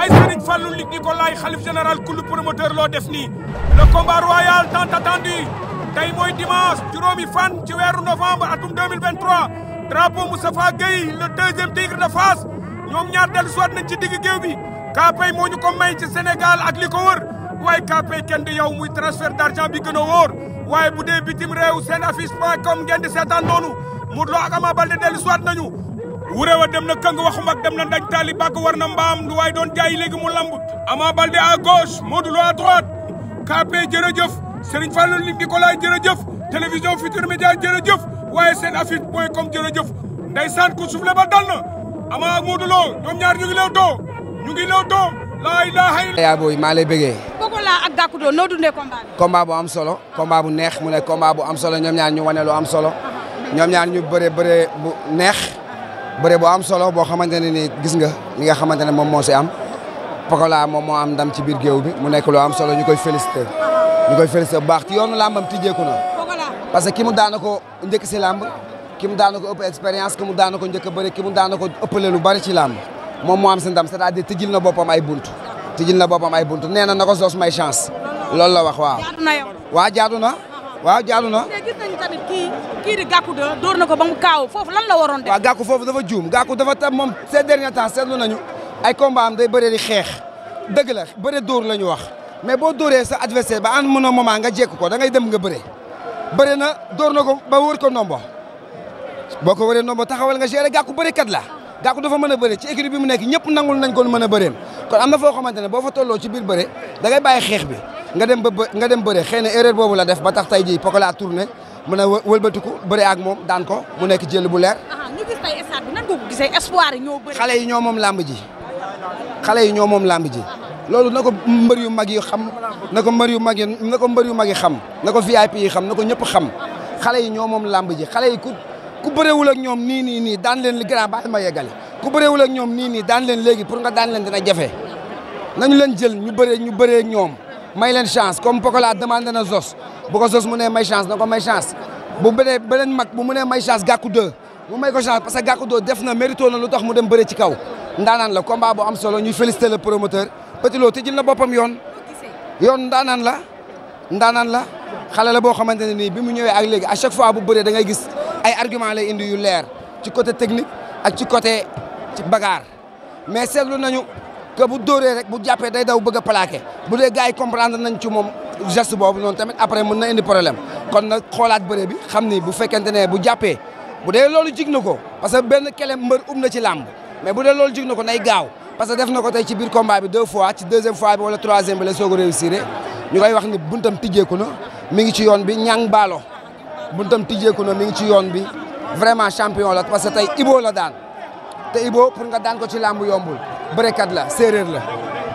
ay Serigne Fallou Luc Nicolaï xalif général kulub promoteur loo def nii le combat royal tant attendu tey mooy dimanche juróomi fan ci weeru novembre atum 2023 drapeau Moustapha Gueye le deuxième tigre de Fass ñoom ñaar dellu soit nañ ci digg géew bi Kapay moo ñu ko may ci Sénégal ak li ko wër waaye Kapay kenn du yow muy transfert d'argent bi gën a wóor waaye bu dee bitim réew seen affiche point com ngeen di seetaan noonu Modou Lo ak Ama Baldé dellu soit nañu wurewa dem na kang waxu dem na ndañ taali bàgg war na mbaam lu waay doon jaay léegi mu lamb Ama Baldé à gauche Modou Lo à droite KP jërëjëf Serigne Fallou li Nicolas jërëjëf télévision Futurs Médias jërëjëf waaye seen affiche point com jërëjëf ndeysaan ku suufle ba dal na Ama ak Modou ñoom ñaar ñu ngi lew ñu ngi lew too laa yaa booy maa lay bëggee Pokola ak Gàkku Dóor noo dundee combat bi bu am solo combat bu neex mu ne combat bu am solo ñoom ñaar ñu wane lu am solo ñoom ñaar ñu bëre bu neex bëre bu am solo boo xamante ne ni gis nga li nga xamante ne moom moo si am Pokola moom moo am ndam ci biir géew bi mu nekk loo am solo ñu koy félicité ñu koy félicité bu baax ci yoonu làmbam tijjeeku na parce que ki mu daana ko njëkk si làmb ki mu daana ko ëpp expérience ki mu daana ko njëkk a bëri ki mu daana ko ëppale lu bari ci làmb moom moo am si ndam c'est-à-dire tijjil na boppam ay bunt tijjil na boppam ay bunt nee na na ko sos may chance loolu la wax waaw waa waaw jaadu na. mais gis nañu kii di gàkku de door na ko ba mu kaaw foofu lan la waroon def. waaw gàkku foofu dafa juum gàkku dafa tam moom ces derniers temps seetlu nañu ay combat am day bëre di xeex dëgg la bëre door la ñu wax mais boo dooree sa adversaire ba am en mën a moment nga jekk ko dangay ngay dem nga bëre bëre na dóor na ko ba wër ko nombo boo ko wëree nombo taxawal nga géré gàkku bërekat la gàkku dafa mën a bëre ci équipe bi mu nekk ñëpp nangul nañ ko mën a bëreem am na foo xamante ne boo fa tolloo ci biir bëre da bàyyi xeex bi nga dem ba nga dem bëre xëy na erreur boobu la def ba tax tey jii Pokola tourné mën a wëlbatiku bëre ak moom daan ko mu nekk jël bu leer. ñu gis tey xale yi ñoo moom làmb ji xale yi ñoo moom làmb ji loolu na ko mbër yu mag yi xam na ko mbër yu mag yi na ko mbër yu mag yi xam na ko VIP yi xam na ko ñëpp xam xale yi ñoo moom làmb ji xale yi ku ku bëreewul ak ñoom nii nii nii daan leen li grand baal ma yeggale ku bëreewul ñoom nii nii daan leen léegi pour nga daan leen dina jafe nañu leen jël ñu bëree ñu bëree ñoom may leen chance comme Pokola demandé na Zos bu ko Zos mu nee may chance na ko may chance bu mu nee may chance gàkku deux mu may ko chance parce que gàkku deux def na mérito na lu tax mu dem bëre ci kaw ndaanaan la combat bu am solo ñuy féliciter le promoteur Petit Lo tëjil na boppam yoon yoon ndaanaan la ndaanaan la xale la boo xamante ne nii bi mu ñëwee ak léegi à chaque fois bu bëree da ngay gis ay argument lay indi yu leer ci côté technique ak ci côté ci que bu dóoree rek bu jàppee day daw bëgg a plaqué bu dee gars yi comprendre nañ ci moom geste boobu noon tamit après mën na indi problème kon nag xoolaat bëre bi xam ni bu fekkente ne bu jàppee bu dee loolu jig na ko parce que benn kele mbër um na ci làmb mais bu dee loolu jig na ko nay gaaw parce que def na ko tey ci biir combat bi deux fois ci deuxième fois bi wala troisième bi la soog a ñu koy wax ni buntam tijjeeku na mi ngi ci yoon bi ñang baalo buntam tijjeeku na mi ngi ci yoon bi vraiment champion la parce que tey Ibo la daan te Ibo pour nga daan ko ci làmb yombul bërekat la séeréer la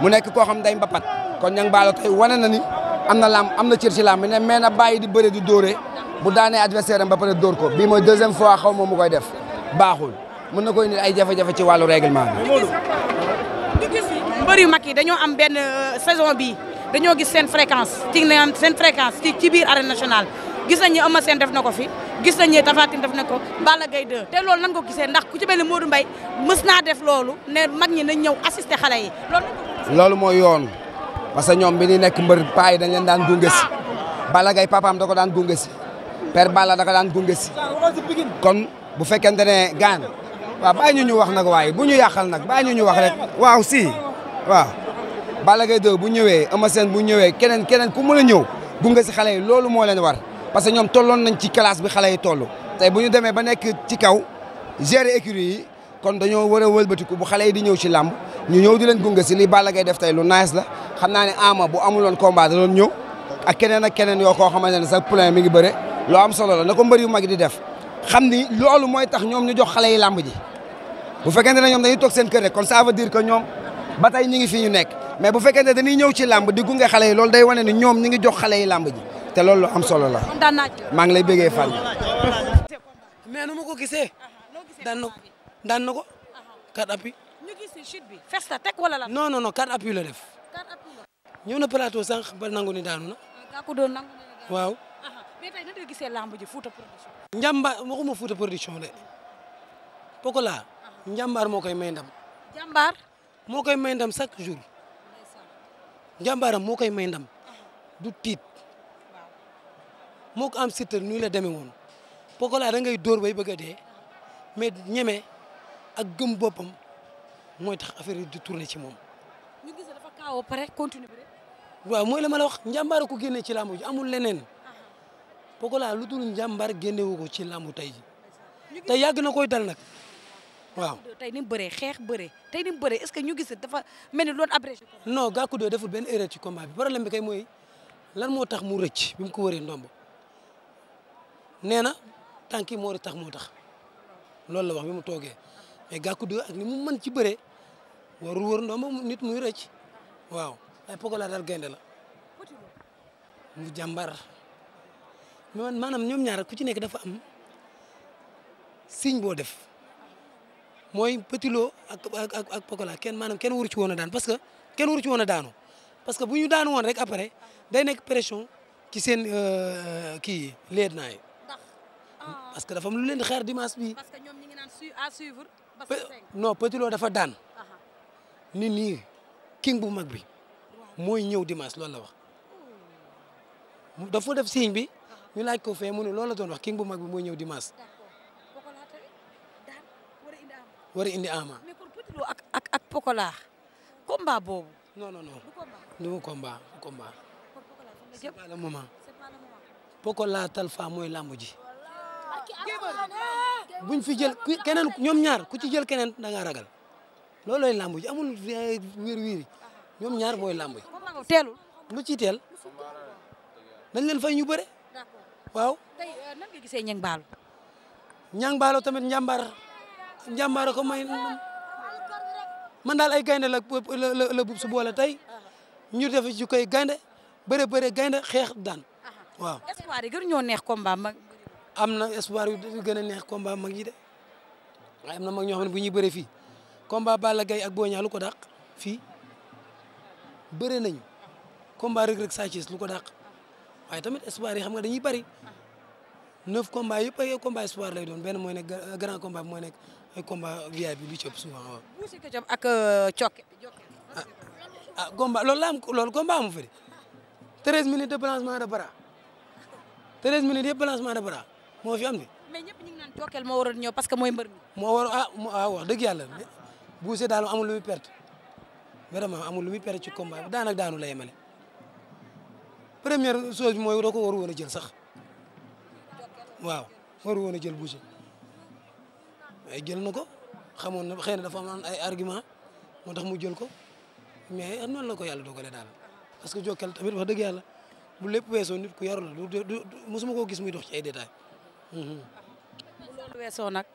mu nekk koo xam day mbapat kon ñang baalo tey wane na ni am na lam am na cër ci lam ne na bàyyi di bëre di dóore bu daanee adversaire am ba pare dóor ko bii mooy deuxième fois xaw ma mu koy def baaxul mën na koy indil ay jafe-jafe ci wàllu règlement bi. mbër yu mag yi dañoo am benn euh, saison bii dañoo gis seen fréquence ci seen fréquence ci biir arène nationale gis nañu am a seen def na ko fi. gis nañ ne Tapha Tine def na ko Balla Gaye 2 te loolu nan ko gisee ndax ku ci mel ni Modou Mbaye mës naa def loolu ne mag ñi nañ ñëw assister xale yi loolu. loolu mooy yoon parce que ñoom bi ñuy nekk mbër paa yi dañ leen daan gunge si Balla Gaye papaam da ko daan gunge si père Balla da ko daan gunge si kon bu fekkente ne gaan waaw bàyyi ñu ñu wax nag waaye bu ñu yàqal nag bàyyi ñu ñu wax rek waaw si waaw bala Gaye 2 bu ñëwee Eumeu Sène bu ñëwee keneen keneen ku mën a ñëw gunge si xale yi loolu moo leen war parce que ñoom tolloon nañ ci classe bi xale yi toll tey bu ñu demee ba nekk ci kaw gérer écurie yi kon dañoo war walbatiku bu xale yi di ñëw ci làmb ñu ñëw di leen gunge si li Balla Gaye def tey lu nice la xam naa ne Ama bu amuloon combat da ñëw ak keneen ak keneen yoo koo xamante ne sax problème mi ngi bëre loo am solo la ko mbër yu mag di def xam ni loolu mooy tax ñoom ñu jox xale yi làmb ji bu fekkente ne ñoom dañuy toog seen kër rek kon ça veut dire que ñoom ba tey ñi ngi fii mais bu fekkente dañuy ñëw ci làmb di gunge xale yi loolu day wane ni ñoom ñi ngi jox xale yi làmb ji te loolu am solo la maa ngi lay bëggee Fall. mais nu ma ko gisee. na ko daan na ko. quatre appuis. ñu la wala la. def. quatre appuis la. na plateau sànq ba nangu ni daanu na. Ah, waaw. mais tey nan la gisee lamb ji Fouta production. njàmbaar waxuma Fouta production moo koy may ndam. njàmbaar. moo koy may ndam chaque jour. njàmbaaram moo koy may ndam. du tiit. moo ko am Siteu nii la demee woon Pokola da ngay dóor bay bëgg a dee mais ñeme ak gëm boppam mooy tax affaire yi di tourner ci moom. ñu gis pare continuer waaw mooy la ma la wax njàmbaar ko génne ci làmb ji amul leneen Pokola lu dul njàmbaar génnewu ko ci làmb tey ji te yàgg na koy dal nag waaw. tey ni mu bëree xeex bëree tey ni mu bëree est-ce que ñu gis dafa mel ni loolu abrégé. non Gackou 2 deful benn erreur ci combat bi problème bi kay mooy lan moo tax mu rëcc bi mu ko wëree ndomb. nee na tànki moori tax moo tax loolu la wax bi mu toogee mais gàkku du ak li mu mën ci bëre warul wër ndoom ba nit muy rëcc waaw ay Pokola daal gaynde la mu jàmbar man maanaam ñoom ñaar ku ci nekk dafa am signe boo def mooy Petit Lo ak ak ak Pokola kenn maanaam kenn waru ci woon daan parce que kenn waru ci woon a daanu parce que bu ñu daanu woon rek après day nekk pression ci seen euh, kii yi leet yi Ah. parce que dafa am lu leen di xeer dimanche bii. parce que ñoom ñu à suivre. non dafa daan. ni nii king bu mag bi mooy ñëw dimanche loolu la wax. Oh. dafa def signe bi ñu laaj ko fee mu ne loolu la doon wax king bu mag bi mooy ñëw dimas war indi ama. pokolaa pour Petit Lo boobu. non non non du mu combat du combat. c'est pas le moment. mooy làmb ji. buñ fi jël keneen ñoom ñaar ku ci jël keneen da ngaa ragal loolooy làmb ji amul wiir wiiri ñoom ñaar mooy làmb ji. teelul lu ciy teel dañ leen fay ñu bëre waaw. tey euh, nan nga gisee ñang baalo. ñang baalo tamit njàmbaar njàmbaar ko may man daal ay gaynde la la la bub su boole tey ñu def ci koy gaynde bëre bëre gaynde xeex daan waaw. am na espoir yu gën a neex combat mag yi de am na mag ñoo xam ne bu ñuy bëre fii combat Balla Gaye ak Boy Niang lu ko dàq fii bëre nañ combat Reug Reug Sa Thiès ko dàq waaye tamit espoir yi xam nga dañuy bari neuf combats yëpp ay espoir lay doon ben mooy nekk grand combat mooy nekk ay combat VIP bi lu ci ëpp souvent waaw. Boucher ak euh, Cokke. Ah, ah combat loolu la am loolu combat amu fi de 13 minutes de balancement de bras moo fi am de. mais ñëpp ñu naan Jokal moo waroon ñëw parce que mooy mbër moo war ah ah wax dëgg yàlla Boucher daal amul lu muy perte vraiment amul lu muy perte ci combat bi daanaka daanu la yemale première chose bi mooy doo ko waru woon a jël sax waaw waru woon a jël Boucher ay jël na ko xamoon na xëy na dafa am ay argument moo tax mu jël ko mais noonu la ko yàlla dogalee daal parce que Jokal tamit wax dëgg yàlla bu lépp weesoon nit ku yaru la du du mosuma koo gis muy dox ci ay détails. loolu weesoo nag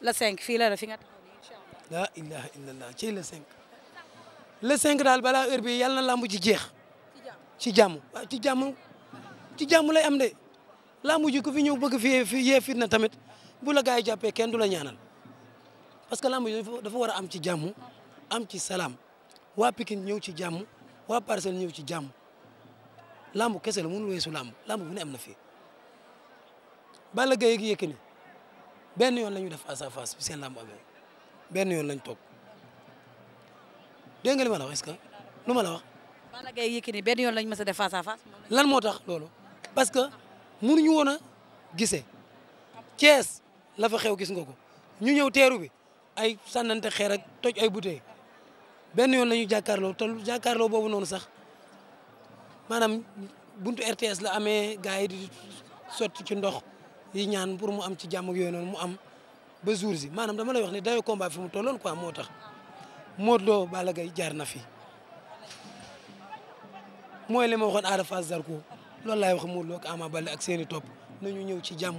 la cinq fii la la fi nga taxaw nii incha allah laa ci la cinq le cinq daal balaa heure bi yàlla na lamb ji jeex ci jàmm waaw ci jàmm ci jàmm lay am de lamb ji fi ñëw bëgg fi yee fit na tamit bu la gars yi jàppee kenn du la ñaanal parce que lamb ji dafa war a am ci jàmm am ci salaam waa Pikine ñëw ci jàmm waa Parcelles ñëw ci jàmm lamb kese la mënul weesu lamb lamb bu ne am na fii Balla Gaye ak Yékini benn yoon la ñu def face à face bi seen làmb amee benn yoon lañ toog dégg nga li ma la wax est-ce ma la wax. Balla Gaye ak Yékini benn yoon lañ mës a def face à lan moo tax loolu parce que ñu woon a gisee Thiès la fa xew gis nga ko ñu ñëw teeru bi ay sànnante xeer ak toj ay bouteilles benn yoon la ñu jàkkaarloo te jàkkaarloo boobu noonu sax maanaam buntu RTS la amee gars yi di sotti ci ndox. di ñaan pour mu am ci jàmm ak yooyu noonu mu am ba jour si maanaam dama lay wax ne dayoo combat fi mu tolloon quoi moo tax Modou Lo Balla Gaye jaar na fi mooy li ma waxoon Ada Fass Zarko loolu laay wax Modou Lo ak Ama Baldé ak seen i topp nañu ñëw ci jàmm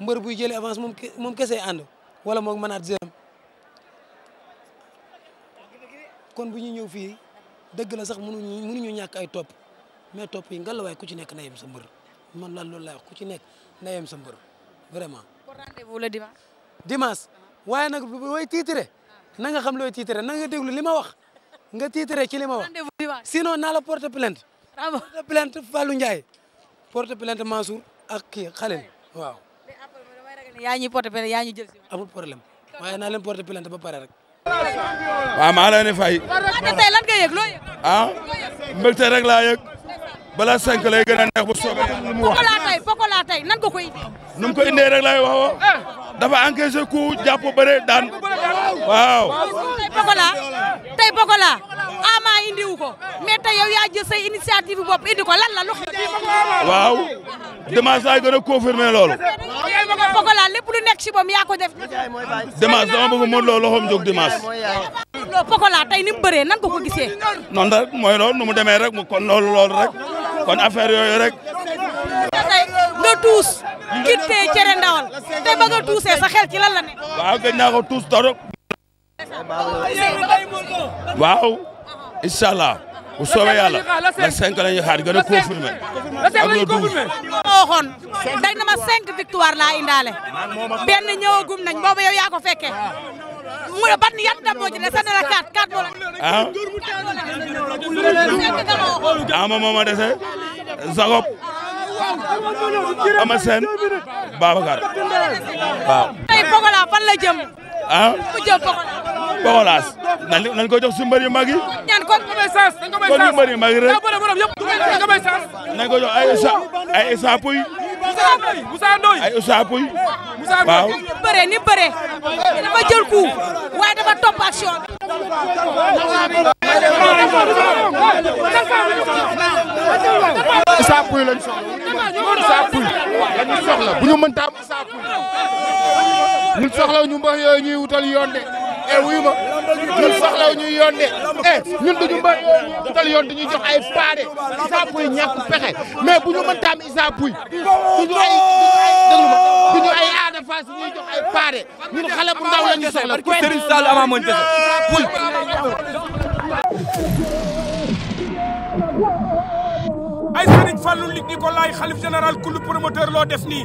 mbër buy jëlee avance moom moom kese ànd wala moom mënaat zéem kon bu ñu ñëw fii dëgg la sax mënuñu mënuñu ñàkk ay topp mais topp yi ngalla waay ku ci nekk na yem sa mbër man la loolu lay wax ku ci nekk na yem sa mbër vraiment. pour rendez-vous le dimanche. waaye nag looy tiitre na nga xam looy tiitre na nga déglu li ma wax nga tiitre ci li ma wax. rendez-vous dimanche sinon naa la porte plainte. porte plainte Fallou Ndiaye. porte plainte Mansour ak kii Khalil waaw. mais après damay ragal ne yaa ñuy porte plainte yaa ñuy jël si. amul problème waaye naa leen porte plainte ba pare rek. waaw maa leen fay. waaw lan ah, laa yëg. balaa cinq lay gën a neex bu soobee yàlla mu wax. Pokola tey Pokola tey nan nga koy indee. nu mu indee rek laay waxoo. Eh. dafa encaissé coup jàpp bëre daan. waaw. tey Pokola tey Pokola ama ko mais tey yow yaa jël say initiative indi ko lan la lu. waaw. dimanche laay gën a confirmé loolu. Pokola lépp lu nekk si moom yaa ko def. dimanche dama bëgg Modou Lo loxoom jóg dimanche. Pokola tey ni mu bëree nan nga ko gisee. non ndax mooy loolu nu mu demee rek mu kon loolu lool rek. kon affaire yooyu rek. nga tuus. gittee cere ndawal te ba tuusee sa xel ci ne. waaw gëj naa ko tuus torop. waaw. incha allah bu soobee la cinq la ñuy xaar gën a confirmé. ak le douze ma na ma cinq victoire laa indaale. benn ñëwagum nañ boobu yow yaa ko fekkee. mu ne ban yan ndam moo ci la quatre quatre moo la. ah ma ma dese Ama Sène Babacar waaw. tey Pogola la jëm. ah ku jëm Pogola. Pogolas nañ si mbër yu mag yi. ñaan ko may sens dañ ko may sens ay ay Moussa Ndoye Moussa Ndoye ay eh, Moussa Pouy waaw bëree ni bëree dafa jël coup waaye dafa topp action Moussa Pouy lañ soxla Moussa Pouy lañ soxla bu ñu mënta am Moussa Pouy ñun soxla ñu mbax yooyu ñuy wutal yoon de e wuyu ma ñun soxlaw ñuy yoon de eh ñun duñu mba tal yoon dañuy jox ay paade Issa ñàkk pexe mais bu ñu mën taam Issa Pouye duñu ay déglu ay aada faas jox ay paade ñun xale bu ndaw la ñu soxla Serigne Sall ama mën def ay Serigne Fallou Luc Nicolaï xalif général kulu promoteur loo def nii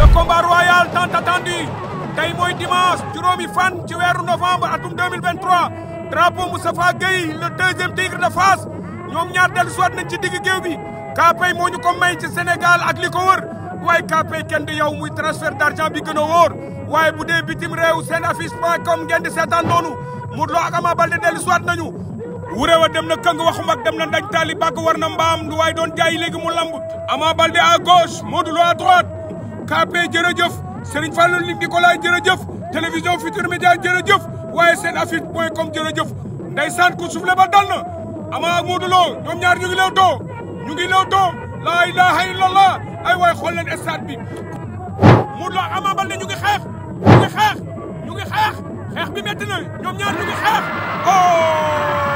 le combat royal tant tey mooy dimanche juróomi fan ci weeru novembre atum 2023 drapeau Moustapha Gueye le deuxième tigre de Fass ñoom ñaar dellu soit nañ ci digg géew bi Kaapay moo ñu ko may ci Sénégal ak li ko wër waaye Kaapay kenn du yow muy transfert d'argent bi gën a wóor waaye bu dee bitim réew seen affiche point com ngeen di seetaan noonu Modou Lo ak Ama Baldé dellu soit nañu wurewa dem na këng waxum dem na ndañ taali war na mbaam lu waaye doon jaay léegi mu lamb Ama Baldé à gauche Serigne Fallou nit Nicolas jërëjëf télévision Futur a jërëjëf waaye seen affiche point com jërëjëf ndeysaan ku soufflé ba dal na Ama ak ñoom ñaar ñu ngi lew ñu ngi lew too laa ilaha illallah ay waay xool leen bi Modou Ama Baldé ñu ñu ngi xeex ñu ngi xeex xeex bi métti na ñoom ñaar ñu ngi xeex oh